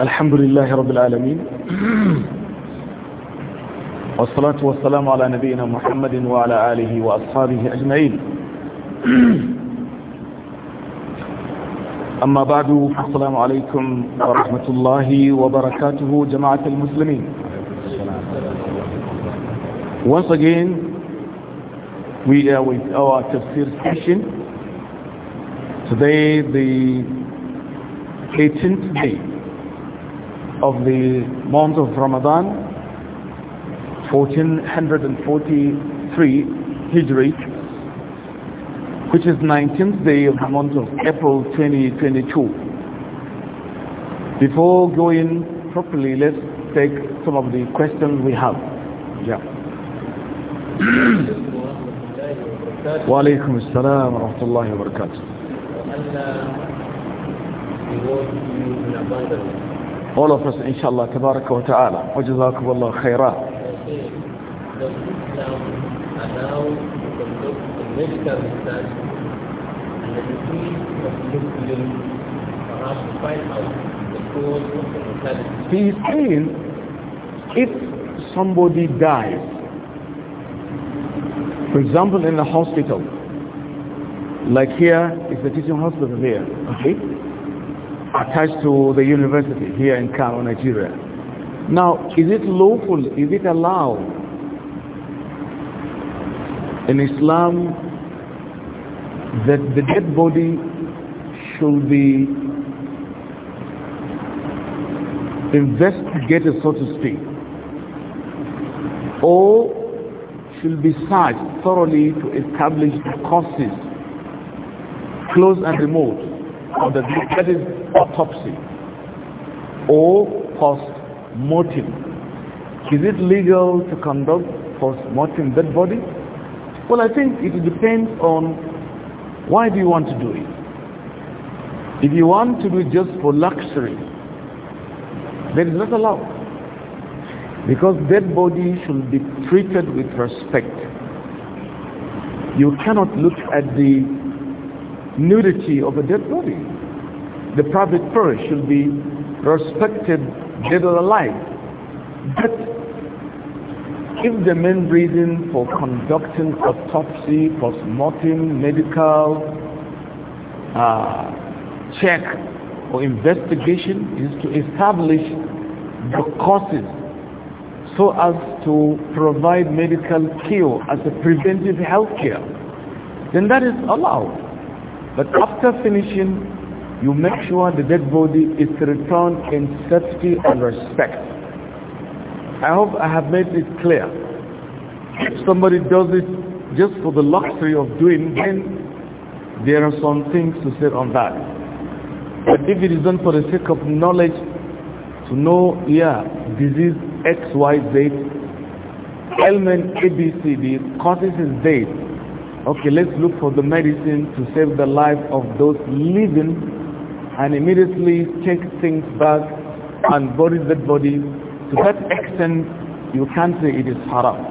الحمد لله رب العالمين والصلاة والسلام على نبينا محمد وعلى آله وأصحابه أجمعين أما بعد السلام عليكم ورحمة الله وبركاته جماعة المسلمين Once again we are with our tafsir session today the 18th day of the month of Ramadan 1443 Hijri which is 19th day of the month of April 2022 before going properly let's take some of the questions we have yeah وعليكم السلام ورحمة الله وبركاته والله فرص إن شاء الله تبارك وتعالى وجزاكم الله خيرا He's saying if somebody dies for example in the hospital like here is the teaching hospital here okay attached to the university here in Kano, Nigeria. Now, is it lawful? Is it allowed? In Islam, that the dead body should be investigated, so to speak, or should be searched thoroughly to establish the causes, close and remote the That is autopsy or post-mortem. Is it legal to conduct post-mortem dead body? Well, I think it depends on why do you want to do it. If you want to do it just for luxury, then it's not allowed. Because dead body should be treated with respect. You cannot look at the nudity of a dead body. The private purse should be respected dead or alive. But if the main reason for conducting autopsy, post-mortem, medical uh, check or investigation is to establish the causes so as to provide medical care as a preventive health care, then that is allowed. But after finishing, you make sure the dead body is returned in safety and respect. I hope I have made it clear. If somebody does it just for the luxury of doing, then there are some things to say on that. But if it is done for the sake of knowledge, to know, yeah, disease X, Y, Z, ailment A, B, C, D, causes is date, Okay, let's look for the medicine to save the life of those living and immediately take things back and bury that body. To that extent, you can't say it is haram.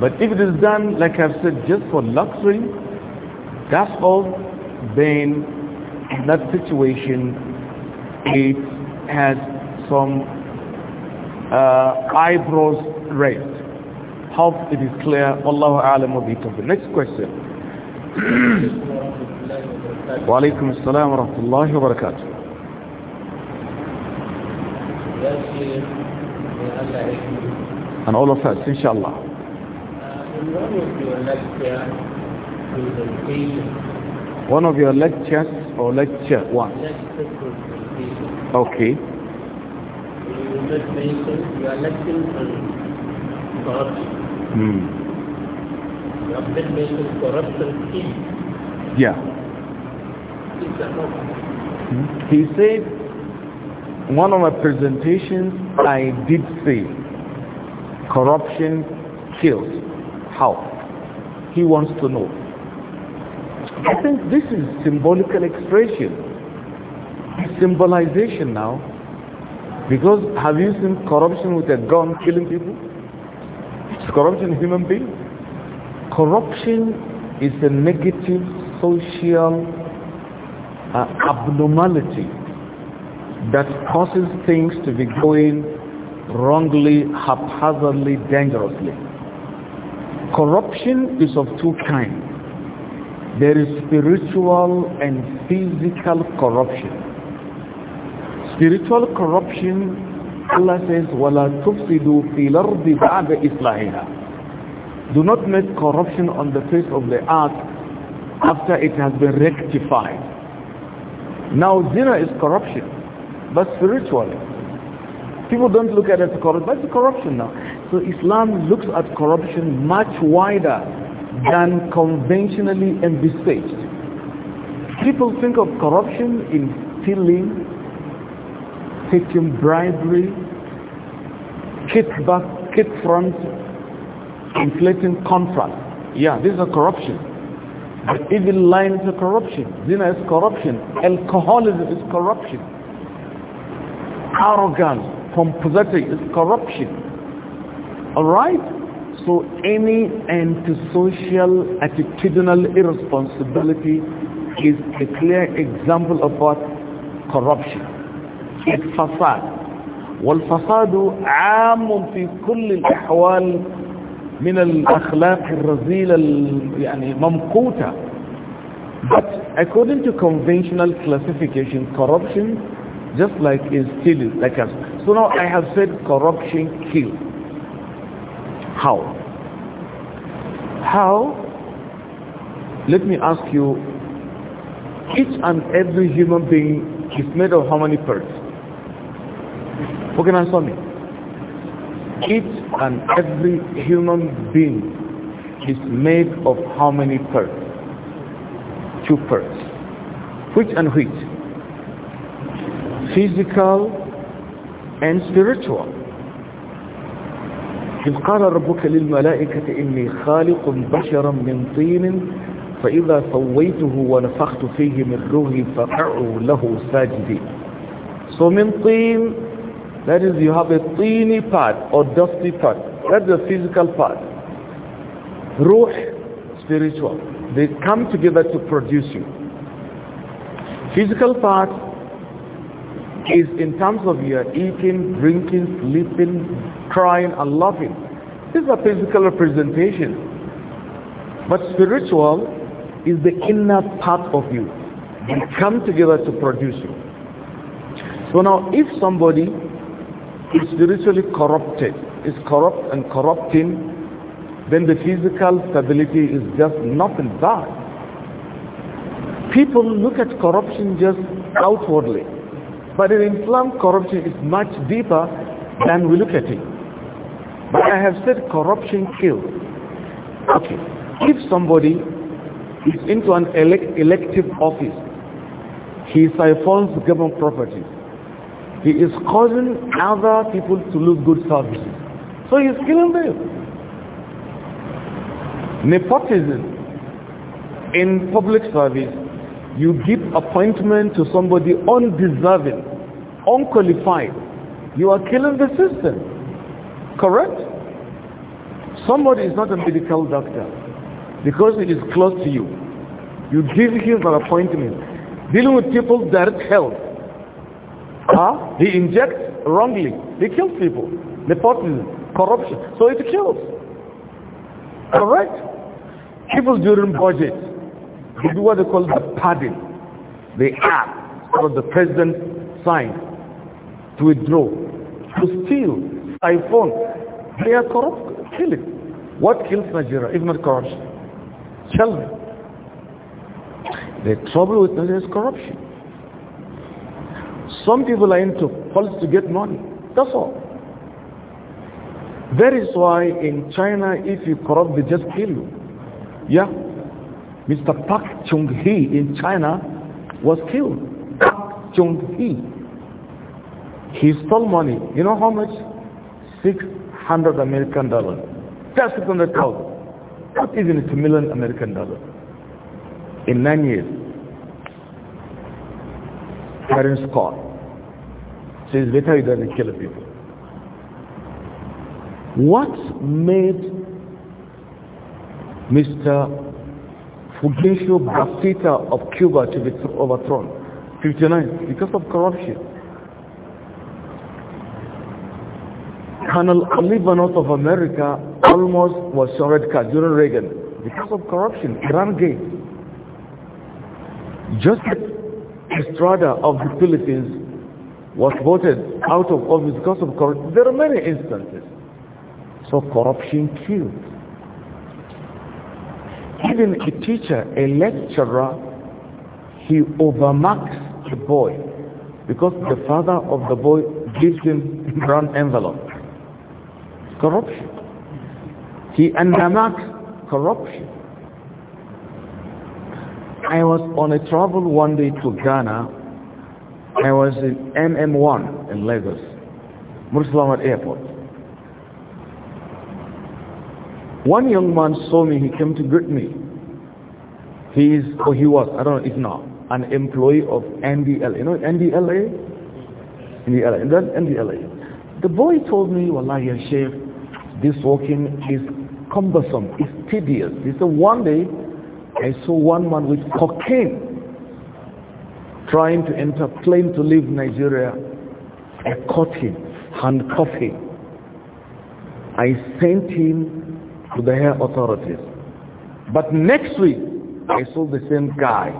But if it is done, like I've said, just for luxury, that's all, then in that situation, it has some uh, eyebrows raised. Hope it is clear. Wallahu alam wa bihi Next question. wa alaikum assalam wa rahmatullahi wa barakatuh. And all of us, inshallah. One of your lectures or lecture one? Okay. You are lecturing corruption. Mm. Government corruption Yeah. Hmm. He said, one of my presentations, I did say, corruption kills. How? He wants to know. I think this is symbolical expression. Symbolization now. Because have you seen corruption with a gun killing people? Is corruption a human being? Corruption is a negative social uh, abnormality that causes things to be going wrongly, haphazardly, dangerously. Corruption is of two kinds. There is spiritual and physical corruption. Spiritual corruption Allah says, وَلَا تُفْسِدُوا فِي الْأَرْضِ بَعْدَ إِصْلَاحِهَا Do not make corruption on the face of the earth after it has been rectified. Now zina is corruption, but spiritually. People don't look at it as corruption, but it's corruption now. So Islam looks at corruption much wider than conventionally envisaged. People think of corruption in stealing, taking bribery, kickback, kick front, inflating contracts. Yeah, this is a corruption. But even lying is a corruption. Zina is corruption. Alcoholism is corruption. Arrogance, pomposity is corruption. Alright? So any antisocial attitudinal irresponsibility is a clear example of what? Corruption. الفساد والفساد عام في كل الأحوال من الأخلاق الرذيلة يعني ممقوتة But according to conventional classification, corruption just like is stealing, like us. So now I have said corruption kill. How? How? Let me ask you, each and every human being is made of how many parts? Pokemon Summit. Each and every human being is made of how many parts? Two parts. Which and which? Physical and spiritual. إذ قال ربك للملائكة إني خالق بشرا من طين فإذا سويته ونفخت فيه من روحي فقعوا له ساجدين. So من طين That is, you have a tiny part or dusty part. That's the physical part. Ruh, spiritual. They come together to produce you. Physical part is in terms of your eating, drinking, sleeping, crying, and laughing. This is a physical representation. But spiritual is the inner part of you. They come together to produce you. So now if somebody is spiritually corrupted, is corrupt and corrupting, then the physical stability is just nothing bad. People look at corruption just outwardly. But in Islam, corruption is much deeper than we look at it. But I have said corruption kills. Okay. If somebody is into an elect elective office, he siphons government properties he is causing other people to lose good services. So he's killing them. Nepotism in public service, you give appointment to somebody undeserving, unqualified. You are killing the system. Correct? Somebody is not a medical doctor because it is is close to you. You give him an appointment. Dealing with people's direct health Huh? He injects wrongly. He kills people. Nepotism, corruption. So it kills. Correct? People during budget, they do what they call the padding. They ask for the president signed to withdraw, to steal, iPhone. They are corrupt, Kill it. What kills Nigeria if not corruption? Tell me. The trouble with Nigeria is corruption. Some people are into politics to get money. That's all. That is why in China, if you corrupt, they just kill you. Yeah. Mr. Park Chung-hee in China was killed. Park Chung-hee. He stole money. You know how much? 600 American dollars. That's 600,000. Not even a million American dollars. In nine years. Parents caught. Since better than than kill people. What made Mr. Fulgencio Batista of Cuba to be overthrown? 59, because of corruption. Colonel Ali of America almost was shot card during Reagan because of corruption, Iran gate. Joseph Estrada of the Philippines was voted out of office because of corruption. There are many instances. So corruption killed. Even a teacher, a lecturer, he overmarks the boy because the father of the boy gives him brown envelope. Corruption. He undermarks corruption. I was on a travel one day to Ghana I was in MM1 in Lagos, Mursalawat Airport. One young man saw me, he came to greet me. He is, or he was, I don't know, if not, an employee of NDLA. You know NDLA? NDLA, and then NDLA. The boy told me, Wallahi, your chef, this walking is cumbersome, it's tedious. He said, one day, I saw one man with cocaine trying to enter plane to leave Nigeria. I caught him, handcuffed him. I sent him to the hair authorities. But next week, I saw the same guy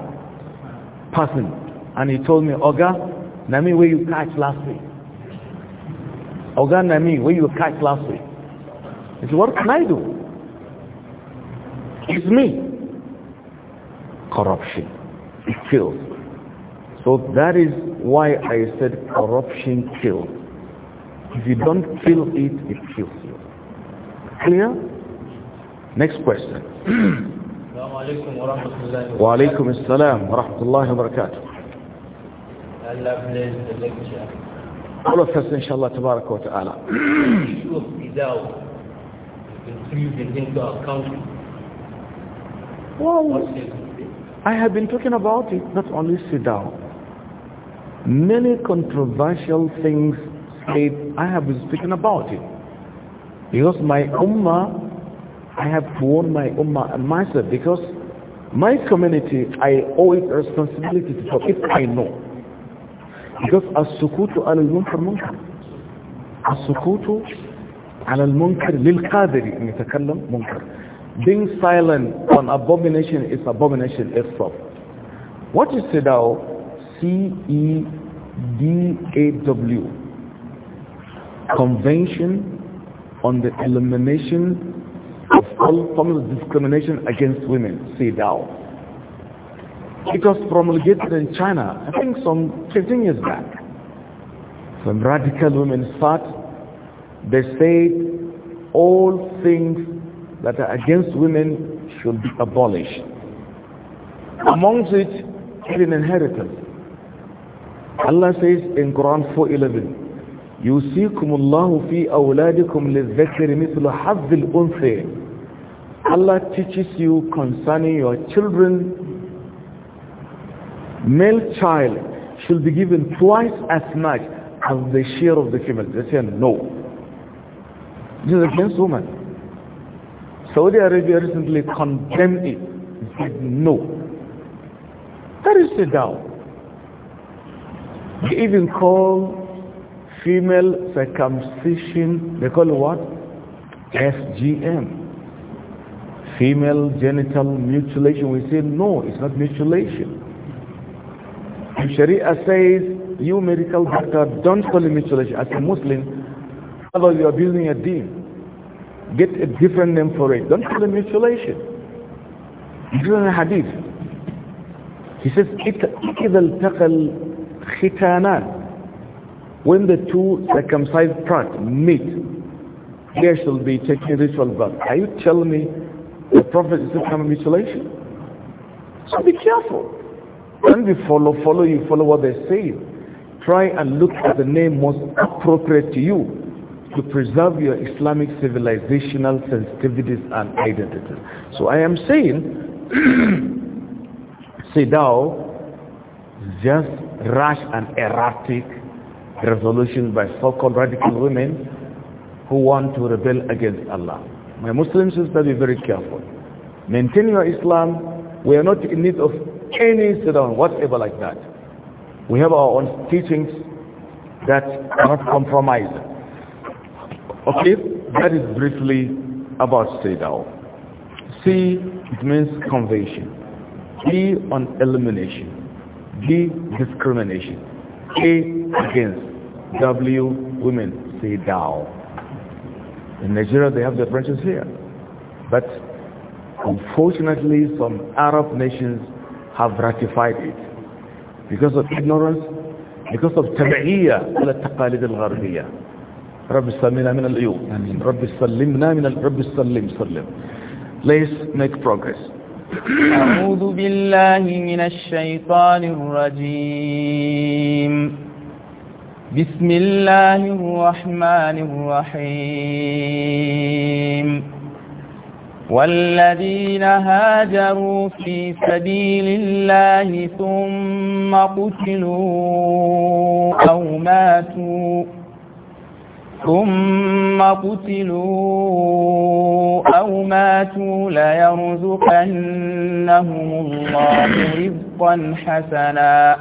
passing, and he told me, Oga, Nami, where you catch last week? Oga, Nami, where you catch last week? He said, what can I do? It's me. Corruption. It kills. So that is why I said corruption kills. If you don't kill it, it kills you. Clear? Next question. wa alaikum assalam wa rahmatullahi wa barakatuh. Allah bless the lecture. All of us, inshallah, tabarak wa ta'ala. The issue of Idaw into our country. Well, I have been talking about it, not only Sidao many controversial things I have been speaking about it because my ummah I have warned my ummah and myself because my community I owe it responsibility to talk if I know because السكوت على المنكر منكر السكوت على المنكر للقادر ان يتكلم Munkar. being silent on abomination is abomination itself what is said CEDAW, Convention on the Elimination of All Forms of Discrimination Against Women, CEDAW. It was promulgated in China, I think some 15 years back. Some radical women fought. They said all things that are against women should be abolished. Amongst it, even inheritance. Allah says in Quran 4:11, "Yusikum Allahu fi awladikum lidh-dhakari mithlu hadh al Allah teaches you concerning your children male child should be given twice as much as the share of the female. They say no. This is against woman. Saudi Arabia recently condemned it. They said no. That is the doubt. They even call female circumcision, they call it what? FGM. Female genital mutilation. We say, no, it's not mutilation. If Sharia says, you medical doctor, don't call it mutilation. As a Muslim, otherwise you're abusing your deen. Get a different name for it. Don't call it mutilation. This is a hadith. He says, إِذَا الْتَقَى khitanan when the two circumcised parts meet there shall be taken ritual bath. are you telling me the prophet is a common mutilation so be careful don't follow follow you follow what they say try and look at the name most appropriate to you to preserve your Islamic civilizational sensitivities and identity. So I am saying, Sidao, just rash and erratic resolutions by so-called radical women who want to rebel against Allah. My Muslim sisters, be very careful. Maintain your Islam. We are not in need of any sedan, whatever like that. We have our own teachings that are not compromised. Okay, that is briefly about sedan. C, it means conversion. E, on elimination. D discrimination. A, against. W, women. Say thou. In Nigeria, they have their branches here. But unfortunately, some Arab nations have ratified it. Because of ignorance, because of al-taqalid al-gharbiyya. التقاليد salimna min al من العيوب salimna min al. رب salim. Salim. Let's make progress أعوذ بالله من الشيطان الرجيم بسم الله الرحمن الرحيم والذين هاجروا في سبيل الله ثم قتلوا أو ماتوا ثم قتلوا أو ماتوا ليرزقنهم الله رزقا حسنا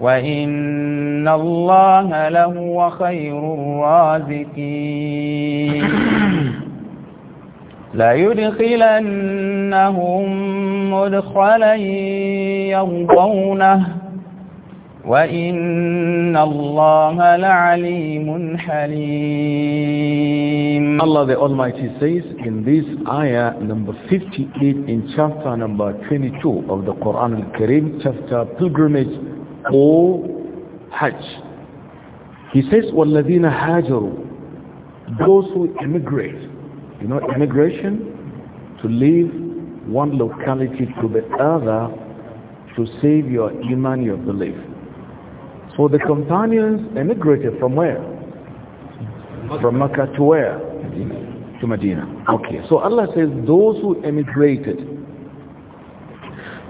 وإن الله لهو خير الرازقين ليدخلنهم مدخلا يرضونه وَإِنَّ اللَّهَ لَعَلِيمٌ حَلِيمٌ Allah the Almighty says in this ayah number 58 in chapter number 22 of the Quran al-Karim chapter pilgrimage or Hajj He says وَالَّذِينَ هَاجَرُوا those who immigrate you know immigration to leave one locality to the other to save your iman your belief so the companions emigrated from where? From Mecca to where? To Medina. Okay, so Allah says those who emigrated.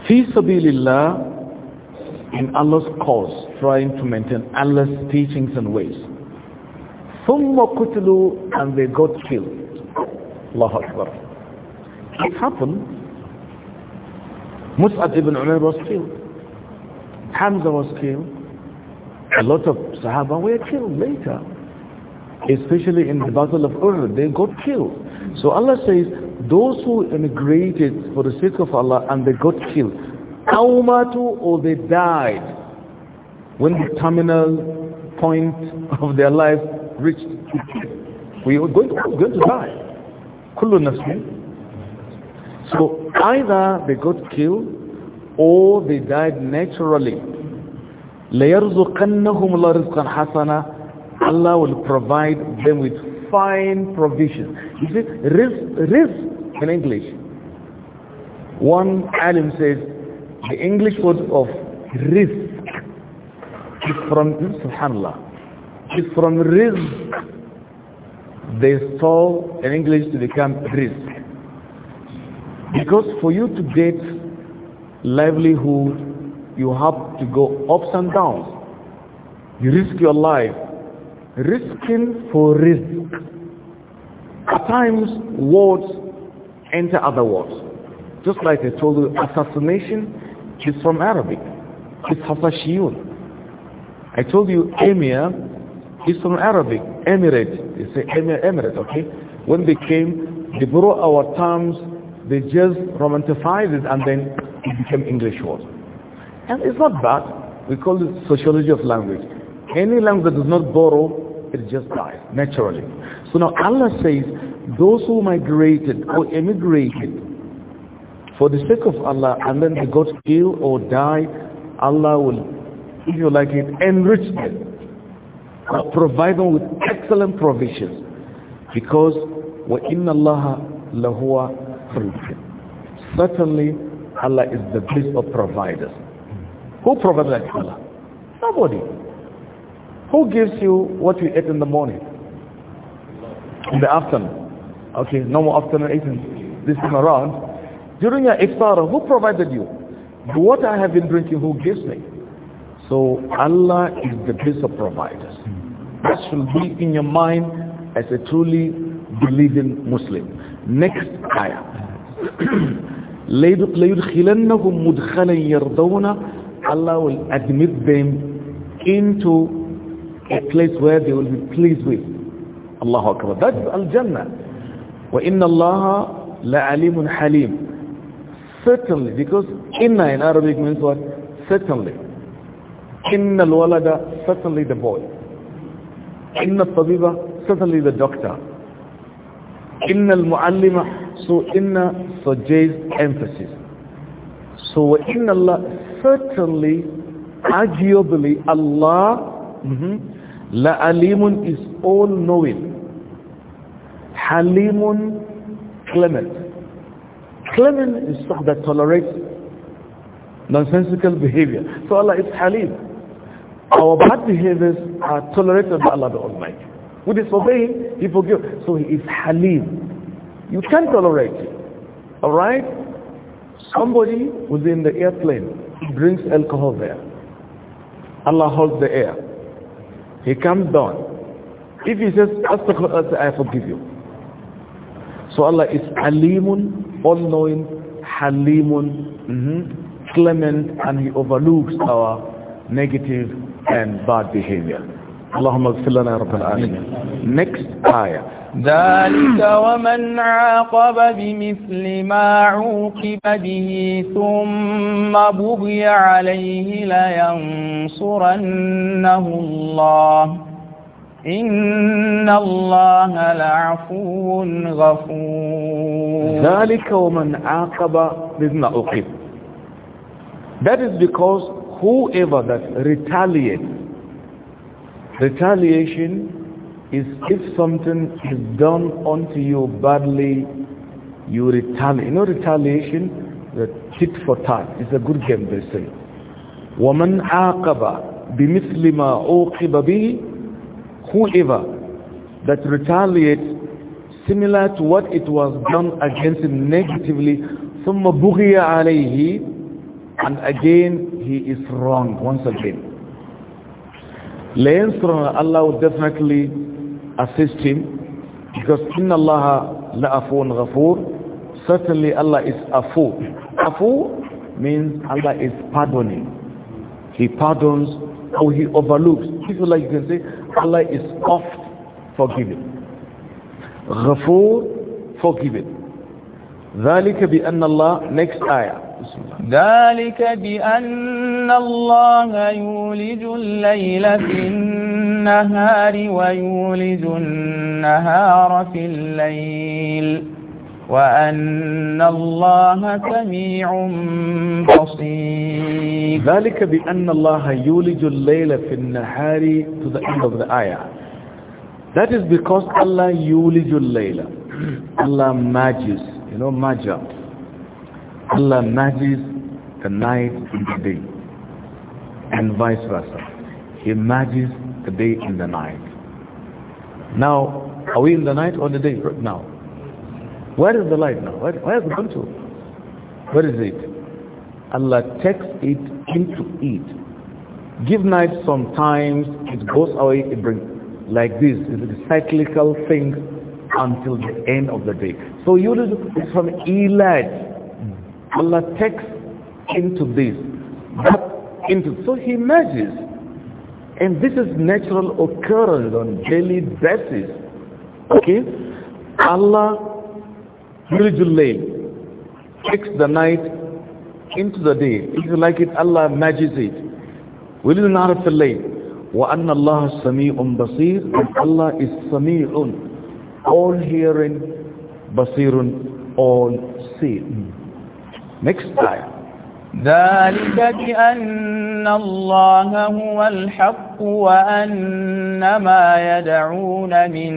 Fi sabilillah, in Allah's cause, trying to maintain Allah's teachings and ways. ثُمَّ قُتْلُوا And they got killed. Allah Akbar. It happened. Mus'ab ibn Umar was killed. Hamza was killed. A lot of Sahaba were killed later, especially in the Battle of Uhud, they got killed. So Allah says, those who emigrated for the sake of Allah and they got killed, Taumatu or they died when the terminal point of their life reached. We are going to, going to die. Kullu So either they got killed or they died naturally لَيَرْزُقَنَّهُمُ اللَّهُ رِزْقًا حَسَنًا Allah will provide them with fine provision. You see, risk, risk in English. One alim says, the English word of risk is from, subhanAllah, is from risk. They stole in English to become risk. Because for you to get livelihood you have to go ups and downs. You risk your life. Risking for risk. At times, words enter other words. Just like I told you, assassination is from Arabic. It's hafashiyun. I told you, emir is from Arabic. Emirate. They say emir, emirate, okay? When they came, they borrow our terms, they just romanticize it, and then it became English word. And it's not bad. We call it sociology of language. Any language that does not borrow, it just dies naturally. So now Allah says, those who migrated or emigrated for the sake of Allah and then they got ill or died, Allah will, if you like it, enrich them. Provide them with excellent provisions. Because وَإِنَّ اللَّهَ لَهُوَ رِزْقٍ Certainly Allah is the best of providers. Who provides that color? Nobody. Who gives you what you ate in the morning? In the afternoon. Okay, no more afternoon eating this time around. During your iftar, who provided you? The water I have been drinking, who gives me? So Allah is the best of providers. That should be in your mind as a truly believing Muslim. Next ayah. لَيُدْخِلَنَّهُمْ مُدْخَلًا Allah will admit them into a place where they will be pleased with. Allahu Akbar. That's Al-Jannah. وَإِنَّ اللَّهَ لَعَلِيمٌ حَلِيمٌ Certainly, because inna in Arabic means what? Certainly. Inna الْوَلَدَ certainly the boy. Inna الطَّبِيبَ certainly the doctor. Inna al-muallima, so inna suggests emphasis. So in Allah, certainly, arguably, Allah, mm-hmm, La Alimun is all-knowing. Halimun clement. Clement is someone that tolerates nonsensical behavior. So Allah is Halim. Our bad behaviors are tolerated by Allah the Almighty. We disobey Him, He forgives. So He is Halim. You can tolerate it. Alright? Somebody who's in the airplane, brings drinks alcohol there. Allah holds the air. He comes down. If he says, I forgive you. So Allah is Alimun, all-knowing, Halimun, mm -hmm, clement, and He overlooks our negative and bad behavior. Allahumma gfir lana Next ayah. ذلك ومن عاقب بمثل ما عوقب به ثم بغي عليه لينصرنه الله إن الله لعفو غفور ذلك ومن عاقب بمثل ما عوقب That is because whoever that retaliates retaliation is if something is done unto you badly, you retaliate. You know retaliation? The tit for tat. It's a good game, they say. وَمَنْ عَاقَبَ بِمِثْلِ مَا عُوقِبَ بِهِ Whoever that retaliates similar to what it was done against him negatively, ثُمَّ بُغِيَ عَلَيْهِ and again he is wrong once again. Later الله will definitely assist him because inna Allah la'afun ghafur certainly Allah is afu afu means Allah is pardoning he pardons or he overlooks people like you can say Allah is oft forgiving ghafur forgiving ذلك بأن الله next آية ذلك بأن الله يولج الليل في النهار ويولج النهار في الليل وأن الله سميع بصير ذلك بأن الله يولج الليل في النهار to the end of the ayah that is because Allah يولج الليل Allah merges you know merger Allah merges the night and the day and vice versa he merges the day and the night. Now, are we in the night or the day now? Where is the light now? Where, where has it gone to? Where is it? Allah takes it into it. Give night sometimes, it goes away, it brings like this. It's a cyclical thing until the end of the day. So you is from Elad. Allah takes into this, But into so he merges and this is natural occurrence on daily basis. Okay? Allah Yulijul takes the night into the day. If you like it, Allah manages it. Will not have to late. وَأَنَّ اللَّهَ سَمِيعٌ بَصِيرٌ And Allah is سَمِيعٌ All hearing, basirun, all seeing. Next time. ذلك بأن الله هو الحق وأن ما يدعون من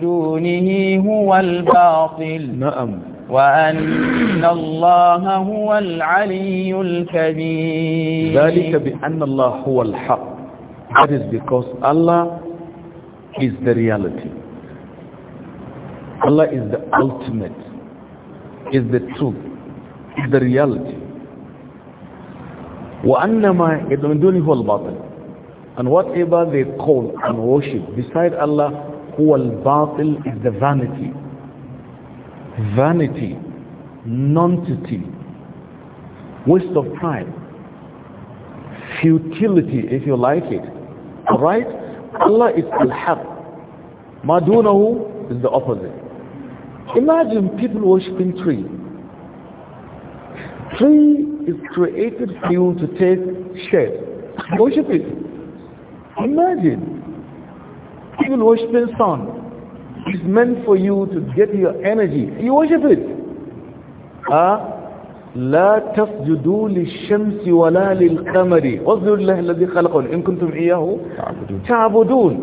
دونه هو الباطل نعم وأن الله هو العلي الكبير ذلك بأن الله هو الحق That is because Allah is the reality. Allah is the ultimate, is the truth, is the reality. من دونه هو الباطل And whatever they call and worship beside Allah, هو الباطل is the vanity. Vanity, nonentity, waste of time, futility if you like it. right? Allah is al ما دونه is the opposite. Imagine people worshiping tree. Tree is created for you to take shade. Worship it. Imagine. Even worshiping sun is meant for you to get your energy. You worship it. Ah, لا تسجدوا للشمس ولا للقمر واسجدوا لله الذي خلقهم إن كنتم إياه تعبدون.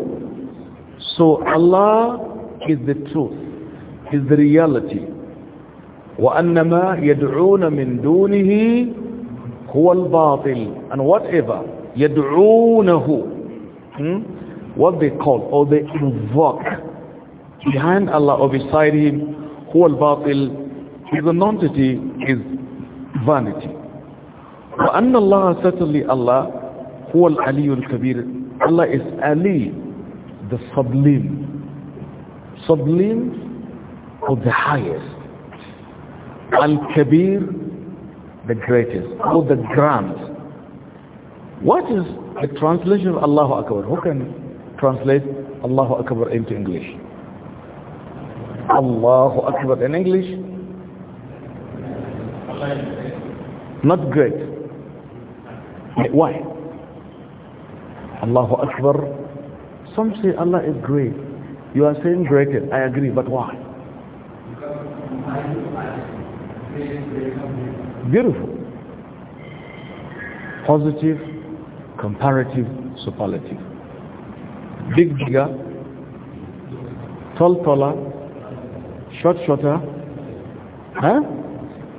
So Allah is the truth, is the reality. وَأَنَّمَا يدعون من دونه هو الباطل and whatever يدعونه hmm? what they call or they invoke behind Allah or beside him هو الباطل is a nonentity is vanity وأن الله certainly Allah هو العلي الكبير Allah is Ali the sublime sublime of the highest Al-Kabir, the greatest, or the grand. What is the translation of Allahu Akbar? Who can translate Allahu Akbar into English? Allahu Akbar in English? Not great. Why? Allahu Akbar. Some say Allah is great. You are saying greater. I agree, but why? Beautiful. Positive, comparative, superlative. Big, bigger, tall, taller, short, shorter. Huh?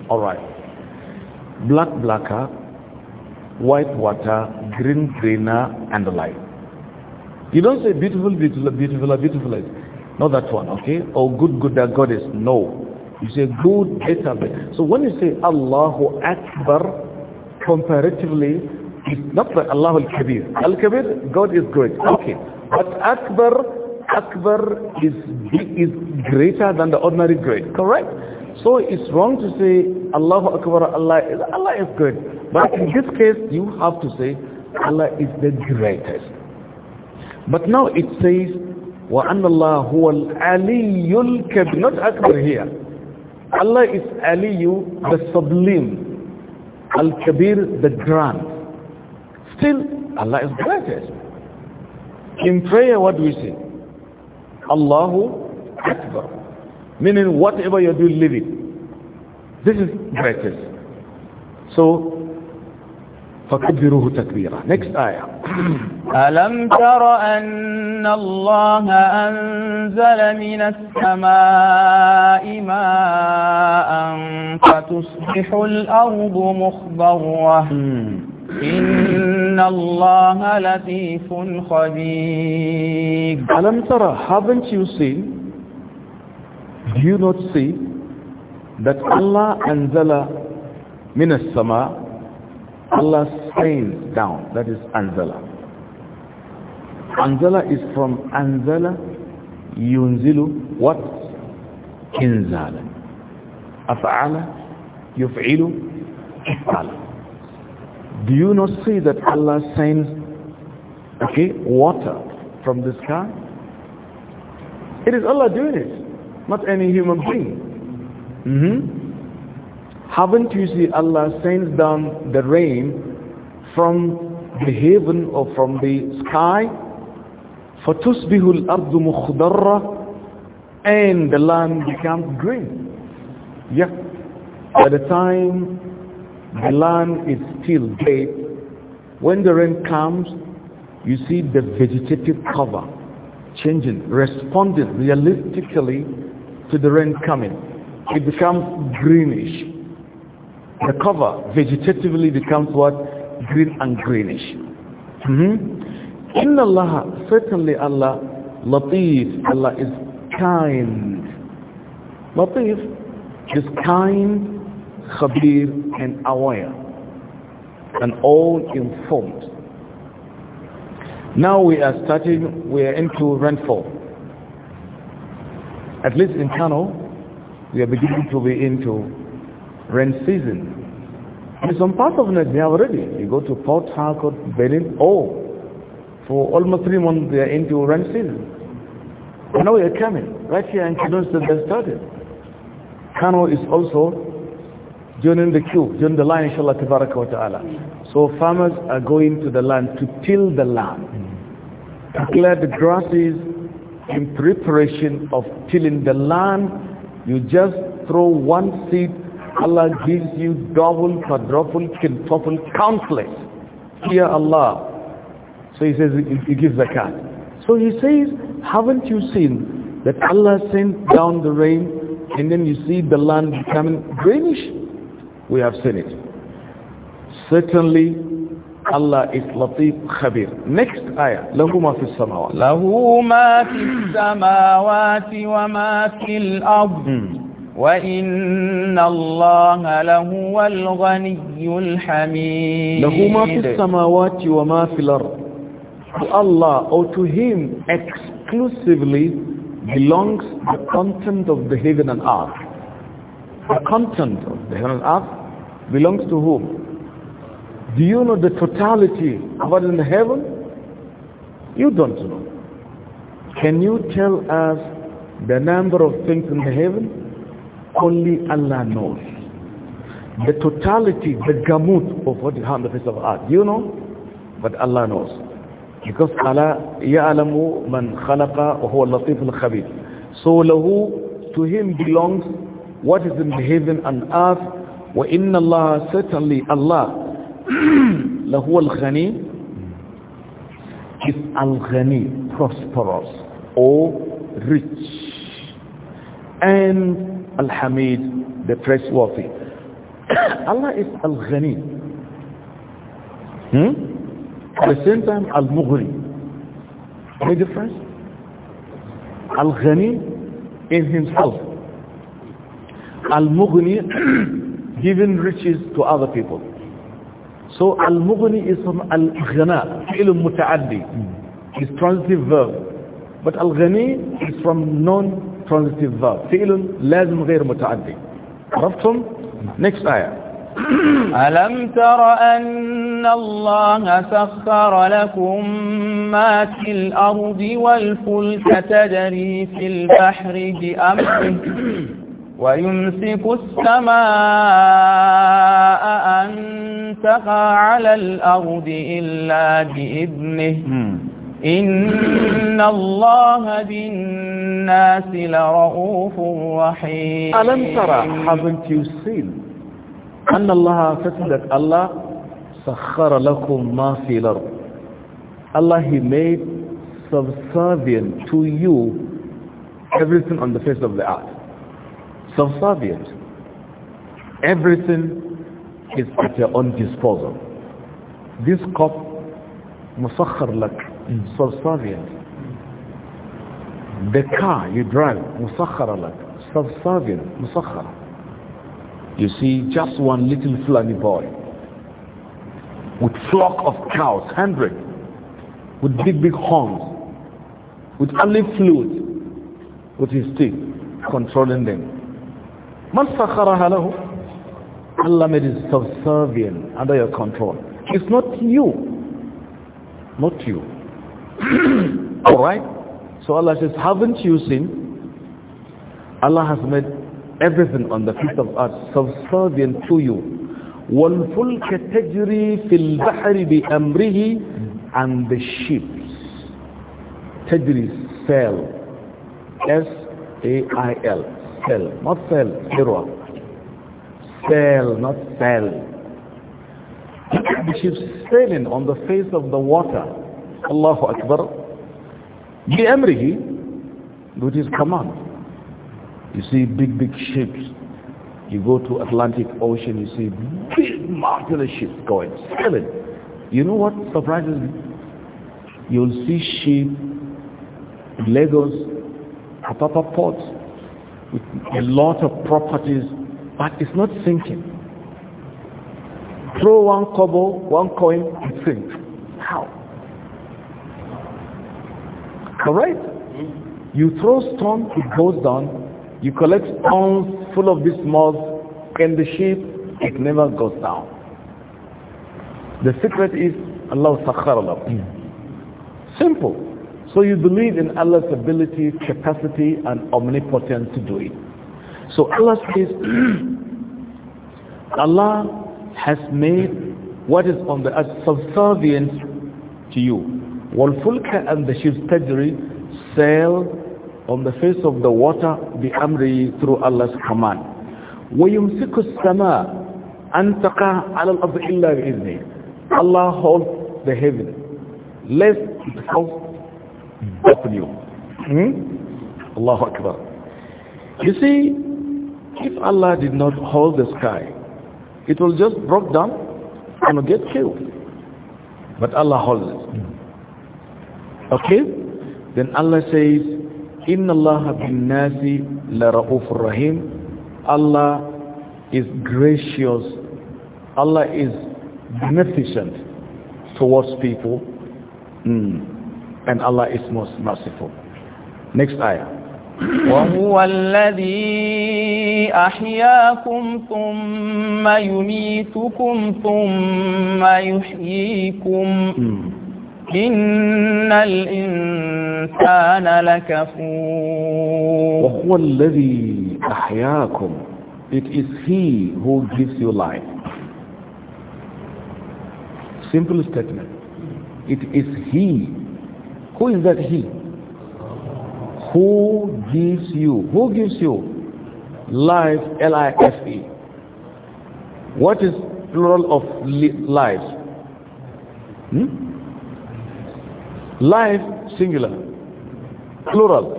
All right. Black, blacker, white, water, green, greener, and the like. You don't say beautiful, beautiful, beautiful, beautiful. Not that one, okay? Or oh, good, good, goddess. No. You a good, better, So when you say Allahu Akbar, comparatively, it's not like Allahu Al-Kabir. Al-Kabir, God is great. Okay. But Akbar, Akbar is, is greater than the ordinary great. Correct? So it's wrong to say Allahu Akbar, Allah is, Allah is good. But in this case, you have to say Allah is the greatest. But now it says, وَأَنَّ اللَّهُ هُوَ الْعَلِيُّ الْكَبِيرُ Not Akbar here. Allah is Aliyu, the sublime, Al-Kabir, the grand. Still, Allah is greatest. In prayer, what do we say? Allahu Akbar. Meaning, whatever you do, leave it. This is greatest. So, فكبروه تكبيرا next آية ألم تر أن الله أنزل من السماء ماء فتصبح الأرض مخضرة hmm. إن الله لطيف خبير ألم ترى haven't you seen do you not see that Allah أنزل من السماء Allah's sends down. That is Anzala. Anzala is from Anzala, Yunzilu, what? Kinzala. Af'ala, Yuf'ilu, If'ala. Do you not see that Allah sends, okay, water from the sky? It is Allah doing it, not any human being. Mm -hmm. Haven't you seen Allah sends down the rain from the heaven or from the sky? فَتُصْبِهُ الْأَرْضُ مُخْضَرَّةً And the land becomes green. Yeah. By the time the land is still dead, when the rain comes, you see the vegetative cover changing, responding realistically to the rain coming. It becomes greenish the cover vegetatively becomes what? Green and greenish. In mm-hmm. Inna Allah, certainly Allah, Latif, Allah is kind. Latif is kind, khabir and aware and all informed. Now we are starting, we are into rainfall. At least in Kano, we are beginning to be into rain season. In some parts of Nigeria already, you go to Port Harcourt, Berlin, oh, for almost three months they are into rain season. And now we are coming, right here in Kaduna State they started. Kano is also joining the queue, joining the line, inshallah, tabaraka wa ta'ala. So farmers are going to the land to till the land, to clear the grasses in preparation of tilling the land. You just throw one seed Allah gives you double, quadruple, quintuple, countless. Fear Allah. So he says, he gives zakat. So he says, haven't you seen that Allah sent down the rain and then you see the land becoming greenish? We have seen it. Certainly, Allah is Latif Khabir. Next ayah. له ما في السماوات. له ما في السماوات وما في الأرض. وإن الله لهو الغني الحميد له ما في السماوات وما في الأرض To Allah or to Him exclusively belongs the content of the heaven and earth. The content of the heaven and earth belongs to whom? Do you know the totality of what is in heaven? You don't know. Can you tell us the number of things in the heaven? Only Allah knows. The totality, the gamut of what is on the face of earth. You know? But Allah knows. Because Allah يَعْلَمُ مَنْ خَلَقَ وَهُوَ اللَّطِيفُ الْخَبِيرُ So lahu, to him belongs what is in heaven and earth. وَإِنَّ اللَّهَ certainly Allah لَهُوَ الْغَنِي is al-ghani, prosperous or rich. And Al-Hamid, the trustworthy. Allah is Al-Ghani. Hmm? At the same time, Al-Mughri. Any difference? Al-Ghani in himself. Al-Mughni giving riches to other people. So Al-Mughni is from Al-Ghana, ilm mutaaddi. It's transitive verb. But Al-Ghani is from non transitive verb فعل لازم غير متعدي عرفتم next آية ألم تر أن الله سخر لكم ما في الأرض والفلك تجري في البحر بأمره ويمسك السماء أن تقع على الأرض إلا بإذنه إن الله بالناس لرؤوف رحيم ألم ترى haven't you seen أن الله فتدك الله سخر لكم ما في الأرض Allah he made subservient to you everything on the face of the earth subservient everything is at your own disposal this cup مسخر لك subservient the car you drive musakhara like, subservient musakhara you see just one little flabby boy with flock of cows hundred with big big horns with only flute with his stick controlling them man halu. lahu Allah made it subservient under your control it's not you not you All right? So Allah says, haven't you seen? Allah has made everything on the face of earth subservient to you. وَالْفُلْكَ تَجْرِي فِي الْبَحْرِ بِأَمْرِهِ And the ships. تجري sail. S-A-I-L. Sail, not sail, hero. Sail, not sail. The ships sailing on the face of the water. Allahu Akbar بأمره with his command you see big big ships you go to Atlantic Ocean you see big marvelous ships going sailing you know what surprises me you'll see sheep Lagos Apapa ports with a lot of properties but it's not sinking throw one cobble one coin it sinks how Correct? You throw stone, it goes down. You collect stones full of this mud, and the sheep, it never goes down. The secret is Allah sakhara Simple. So you believe in Allah's ability, capacity and omnipotence to do it. So Allah says, Allah has made what is on the earth subservient to you. Fulka and the ships tajri sail on the face of the water بأمره through Allah's command ويمسك السماء أن تقع على الأرض إلا بإذنه Allah holds the heaven lest it fall upon you hmm? Allahu Akbar you see if Allah did not hold the sky it will just broke down and get killed but Allah holds it Okay? Then Allah says, Inna Allah bin nasi la ra'ufur rahim. Allah is gracious. Allah is beneficent towards people. Mm. And Allah is most merciful. Next ayah. وهو الذي أحياكم ثم يميتكم ثم يحييكم إن الإنسان لكفور وهو الذي أحياكم It is he who gives you life Simple statement It is he Who is that he? Who gives you Who gives you? Life L-I-F-E What is plural of life? Hmm? life singular plural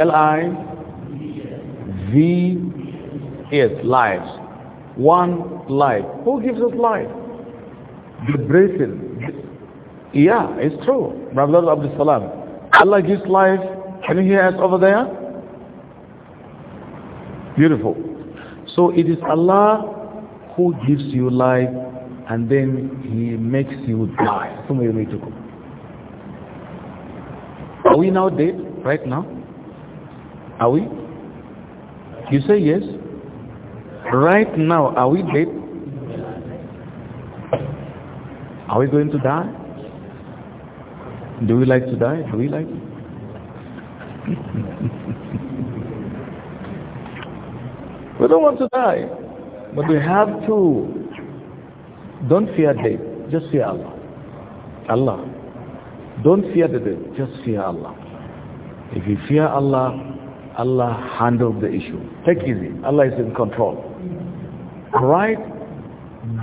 L I V S lives one life who gives us life the breathing yeah it's true Brother Abdul Salam Allah gives life can you hear us over there beautiful so it is Allah who gives you life and then he makes you die. Some you need to go. Are we now dead right now? Are we? You say yes? Right now, are we dead? Are we going to die? Do we like to die? Do we like? we don't want to die, but we have to don't fear death, just fear Allah. Allah. Don't fear the death, just fear Allah. If you fear Allah, Allah handles the issue. Take easy. Allah is in control. Right?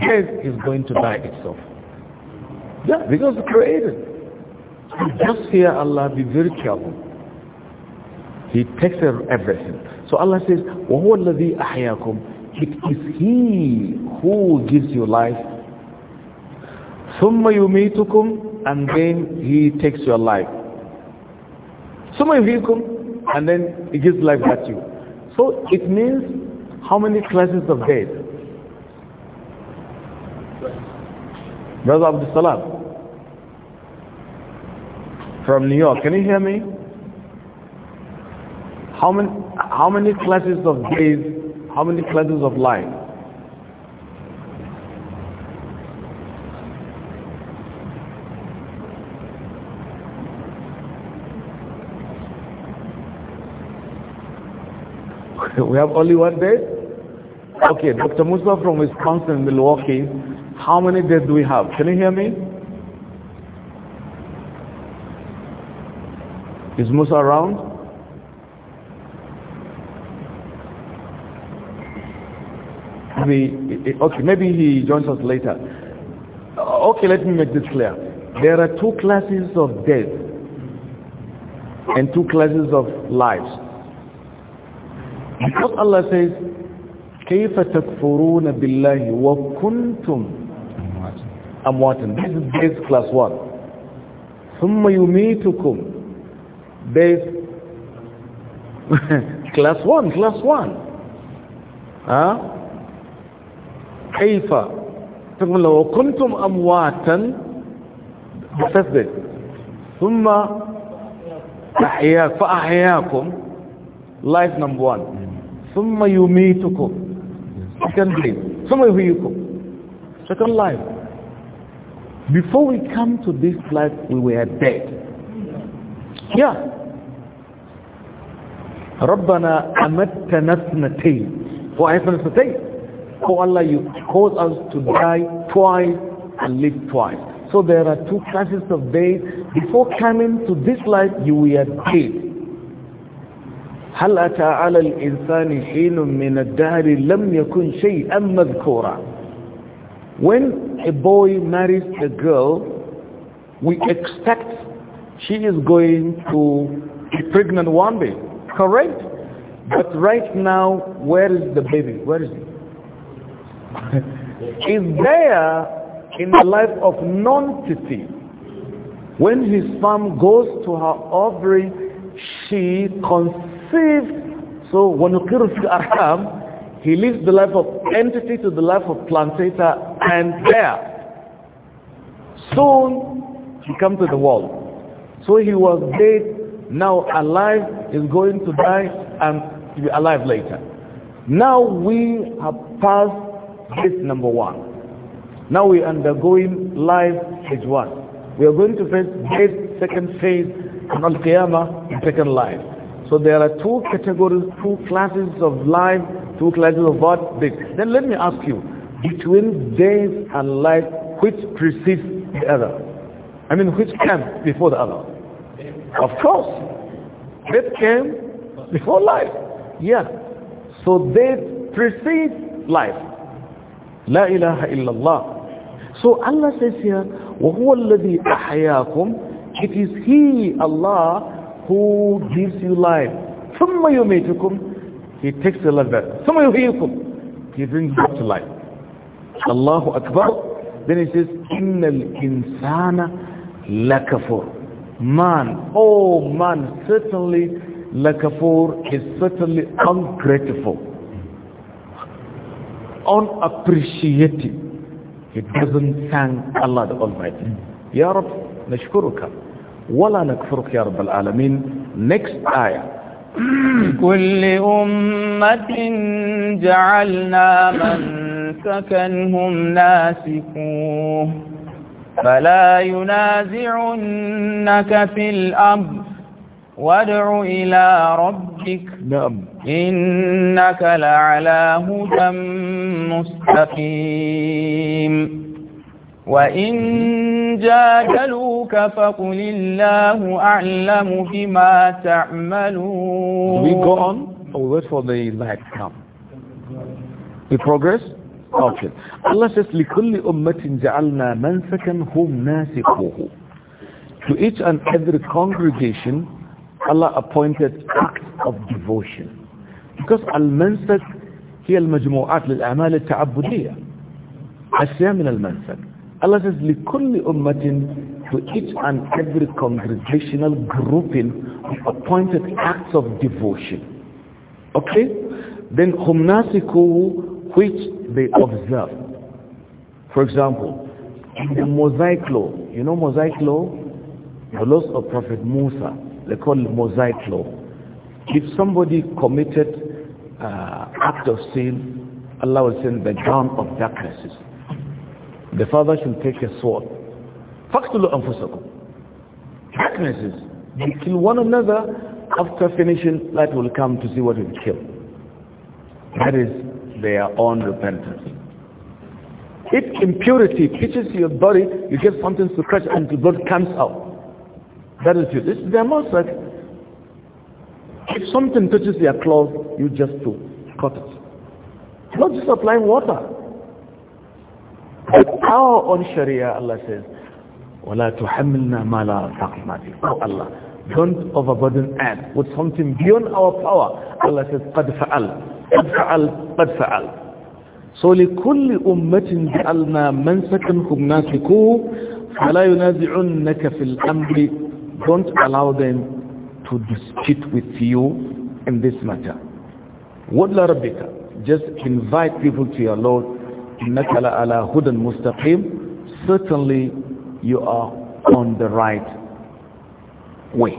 Death is going to die itself. Yeah, because created. Just fear Allah, be very careful. He takes care of everything. So Allah says, وَهُوَ الَّذِي أَحْيَاكُمْ It is He who gives you life ثُمَّ يُمِيتُكُمْ And then he takes your life. ثُمَّ يُحْيِيكُمْ And then he gives life back to you. So it means how many classes of death? Brother Abdul Salam from New York, can you hear me? How many, how many classes of days, how many classes of life? we have only one day? Okay, Dr. Musa from Wisconsin, Milwaukee, how many days do we have? Can you hear me? Is Musa around? Maybe, okay, maybe he joins us later. Okay, let me make this clear. There are two classes of death and two classes of lives. Because Allah says, كَيْفَ تَكْفُرُونَ بِاللَّهِ وَكُنْتُمْ أمواتا This is base class 1. ثُمَّ يُمِيتُكُمْ Base class 1, class 1. Huh? كيف تقول لو كنتم أمواتا بتثبت ثم أحياك فأحياكم life number one ثم يميتكم second life ثم يحييكم second life before we come to this life we were dead yeah ربنا أمتنا اثنتين وعيثنا اثنتين for Allah, you cause us to die twice and live twice. So there are two classes of days. Before coming to this life, you were dead. هل أتى على الإنسان حين من الدهر لم يكن شيئا مذكورا When a boy marries a girl, we expect she is going to be pregnant one day, correct? But right now, where is the baby? Where is he? is there in the life of nonentity. When his sperm goes to her ovary, she conceives so when you kill arham, he leaves the life of entity to the life of plantata and there Soon, he comes to the world. So he was dead, now alive, is going to die and to be alive later. Now we have passed this number one. Now we are undergoing life stage one. We are going to face death second phase and Al-Qiyamah second life. So there are two categories, two classes of life, two classes of what? Death. Then let me ask you, between death and life, which precedes the other? I mean, which came before the other? Of course, death came before life. Yeah. So death precedes life. La ilaha illallah. So Allah says here, وَهُوَ الَّذِي أَحْيَاكُمْ It is He, Allah, who gives you life ثم يميتكم he takes the life back ثم he brings back to life Allahu Akbar then he says إن الإنسان لكفور man oh man certainly لكفور is certainly ungrateful unappreciative he doesn't thank Allah the Almighty Ya Rab nashkuruka ولا نكفرك يا رب العالمين next آية كل أمة جعلنا من سكنهم ناسكوه فلا ينازعنك في الأرض وادع إلى ربك نعم إنك لعلى هدى مستقيم وإن جادلوك فقل الله أعلم بما تعملون We go on or wait for the light to come We progress Okay Allah says لكل أمة جعلنا منسكا هم ناسقوه To each and every congregation Allah appointed acts of devotion because المنسك هي المجموعات للأعمال التعبدية أشياء من المنسك Allah says, لِكُلِّ أُمَّةٍ To each and every congregational grouping appointed acts of devotion. Okay? Then خُمْنَاسِكُهُ Which they observe. For example, in the Mosaic Law, you know Mosaic Law? The laws of Prophet Musa, they call it Mosaic Law. If somebody committed uh, act of sin, Allah will send the ground of darknesses the father should take a sword. فَقْتُلُوا أَنفُسَكُمْ Darknesses. They kill one another. After finishing, light will come to see what you've killed. That is their own repentance. If impurity pitches your body, you get something to crush until blood comes out. That is you. This is their like If something touches their clothes, you just to cut it. Not just applying water. But on Sharia, Allah says, وَلَا تُحَمِّلْنَا مَا لَا تَقْمَا Oh Allah, don't overburden us with something beyond our power. Allah says, قَدْ فَعَلْ قَدْ فَعَلْ قَدْ فَعَلْ So لكل أمة جعلنا منسكنهم ناسكوه فلا ينازعنك في الأمر Don't allow them to dispute with you in this matter. What la rabbika? Just invite people to your Lord إِنَّكَ لَعَلَى هُدًى مُسْتَقِيمٍ Certainly you are on the right way.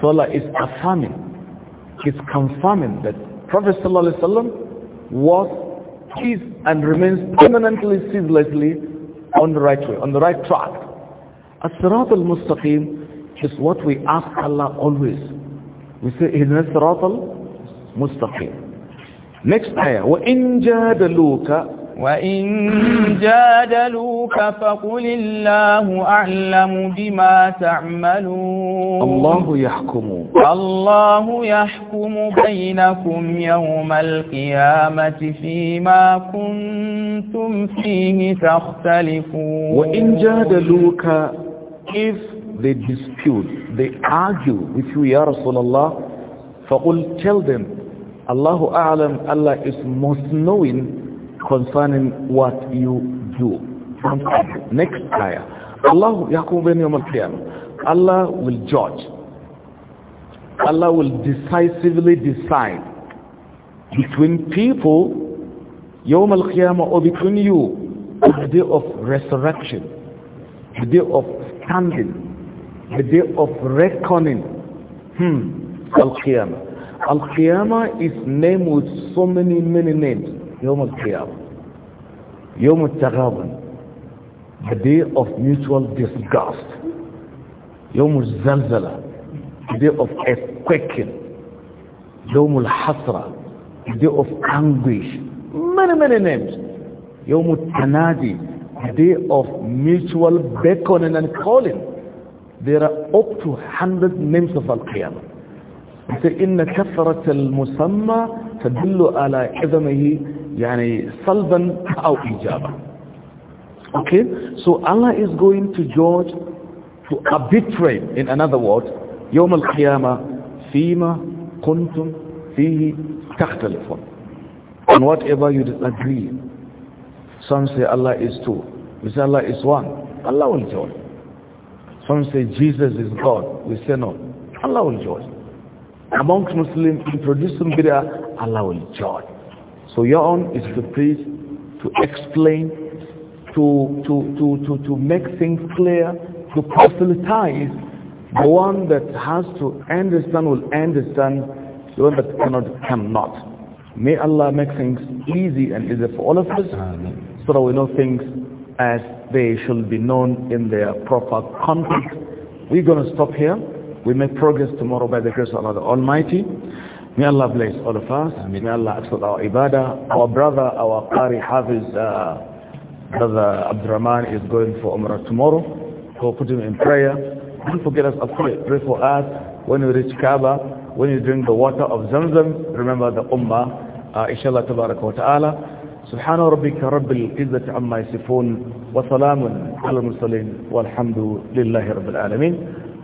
So Allah is affirming, is confirming that Prophet ﷺ was, is and remains permanently, ceaselessly on the right way, on the right track. As-sirat al-mustaqim is what we ask Allah always. We say, as sirat al-mustaqim. next aya wa in jadaluka wa in jadaluka faqulillahu a'lamu bima ta'malu Allahu yahkumu Allahu yahkumu bainakum yawmal qiyamati fima kuntum fihi takhtalifun wa in jadaluka if they dispute they argue with you ya rasulullah faqul tell them Allahu A'lam, Allah is most knowing concerning what you do. Next ayah. Allah bin yawm al Allah will judge. Allah will decisively decide between people yawm al-qiyamah or between you the day of resurrection, the day of standing, the day of reckoning. Hmm. Al-qiyamah. Al-Qiyamah is name with so many, many names. Yom Al-Qiyamah. Yawm Al-Taghaban. The day of mutual disgust. Yom Al-Zalzala. The day of earthquaking. Yawm Al-Hasra. The day of anguish. Many, many names. Yom Al-Tanadi. The day of mutual beckoning and calling. There are up to 100 names of Al-Qiyamah. فإن كثرة المسمى تدل على عظمه يعني صلبًا أو إجابة okay so Allah is going to judge to arbitrate in another word يوم القيامة فيما كنتم فيه تختلفون on whatever you disagree some say Allah is two we say Allah is one Allah will judge some say Jesus is God we say no Allah will judge amongst Muslims introducing bid'ah, Allah will judge. So your own is to priest to explain, to, to, to, to, to make things clear, to proselytize. The one that has to understand will understand, the one that cannot, cannot. May Allah make things easy and easy for all of us, so that we know things as they should be known in their proper context. We're going to stop here. We make progress tomorrow by the grace of Allah the Almighty. May Allah bless all of us. Amen. May Allah accept our ibadah. Our brother, our Qari Hafiz, uh, brother Abdurrahman is going for Umrah tomorrow. So put him in prayer. Don't forget us, of course, pray for us. When you reach Kaaba, when you drink the water of Zamzam, remember the Ummah. Uh, inshallah, tabarak wa ta'ala. سبحان ربك رب العزة عما يصفون وسلام على المرسلين والحمد لله رب العالمين